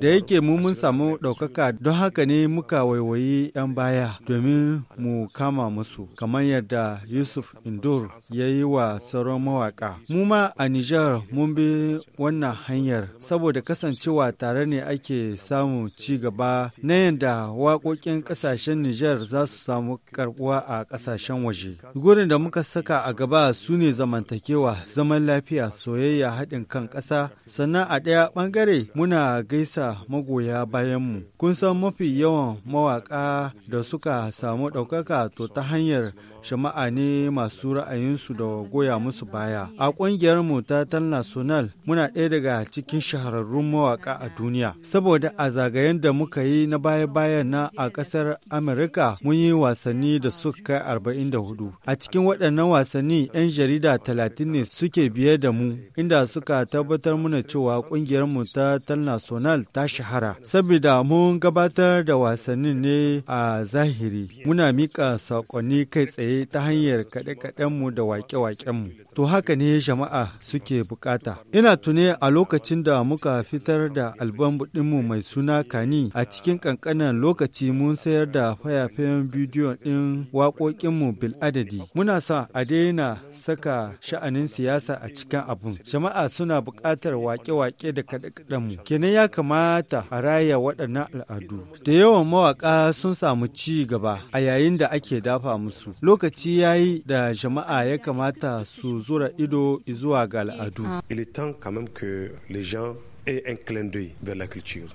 Da yake mu mun samu ɗaukaka don haka ne muka waiwayi 'yan baya domin mu kama musu, kamar yadda Yusuf Indur ya yi wa sauran mawaka. Mu ma a Nijar mun bi wannan hanyar saboda kasancewa tare ne ake samu ci gaba na yadda waƙoƙin ƙasashen Nijar za su samu karbuwa a ƙasashen waje. Gurin da muka saka a gaba su ne zamantakewa, zaman lafiya, soyayya, haɗin kan ƙasa sannan a ɗaya ɓangare muna gaisa magoya bayanmu kun san mafi yawan mawaƙa da suka samu ɗaukaka to ta hanyar shama'a ne masu ra'ayinsu da goya musu baya a ƙungiyarmu ta tal national muna ɗaya daga cikin shahararrun mawaƙa a duniya saboda a zagayen da muka yi na baya-bayan na a ƙasar amurka mun yi wasanni da suka kai hudu. a cikin waɗannan wasanni 'yan jarida talatin ne suke biye da mu inda suka tabbatar tabbatar mana cewa mu ta Talnational ta shahara. Saboda mun gabatar da wasannin ne a zahiri, muna mika sakonni kai tsaye ta hanyar kaɗe-kaɗenmu da waƙe-waƙenmu. To haka ne jama'a suke bukata. Ina tune a lokacin da muka fitar da albam ɗinmu mai suna Kani a cikin ƙanƙanan lokaci mun sayar da fayafayen bidiyon ɗin waƙoƙinmu bil adadi. Muna sa a daina saka sha'anin siyasa a cikin abun. Jama'a suna bukata buƙatar waƙe wake da kaɗe-kaɗen kenan ya kamata a raya waɗannan al'adu da yawan mawaƙa sun samu ci gaba a yayin da ake dafa musu lokaci ya yi da jama'a ya kamata su zura ido zuwa ga al'adu. Il est temps quand même que les gens aient un clin vers la culture.